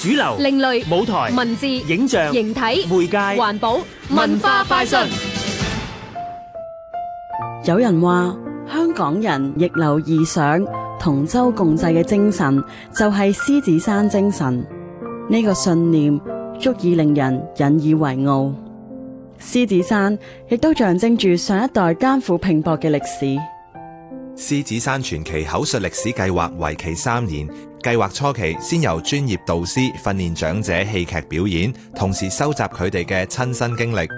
主流、另類舞台、文字、影像、形體、媒介、環保、文化快訊。有人話香港人逆流而上、同舟共濟嘅精神就係獅子山精神，呢個信念足以令人引以為傲。獅子山亦都象徵住上一代艱苦拼搏嘅歷史。獅子山傳奇口述歷史計劃為期三年。計劃初期，先由專業導師訓練長者戲劇表演，同時收集佢哋嘅親身經歷。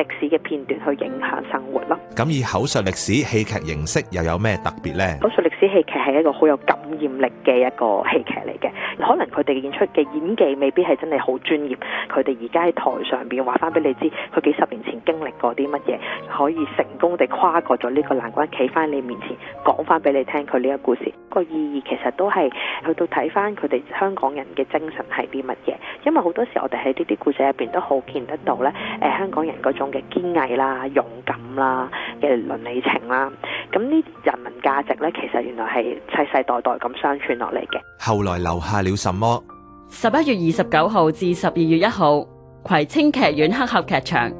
歷史嘅片段去影響生活咯。咁以口述歷史戲劇形式又有咩特別呢？口述歷史戲劇係一個好有感染力嘅一個戲劇嚟嘅。可能佢哋演出嘅演技未必係真係好專業。佢哋而家喺台上邊話翻俾你知，佢幾十年前經歷過啲乜嘢，可以成功地跨過咗呢個難關，企翻你面前講翻俾你聽佢呢個故事。個意義其實都係去到睇翻佢哋香港人嘅精神係啲乜嘢。因為好多時我哋喺呢啲故事入邊都好見得到咧，誒、呃、香港人嗰種嘅堅毅啦、勇敢啦嘅倫理情啦，咁、嗯、呢人文價值咧，其實原來係世世代代咁相傳落嚟嘅。後來留下了什麼？十一月二十九號至十二月一號，葵青劇院黑盒劇場。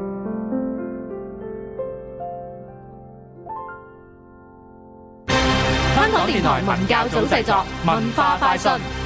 香港電台文教組製作文化快訊。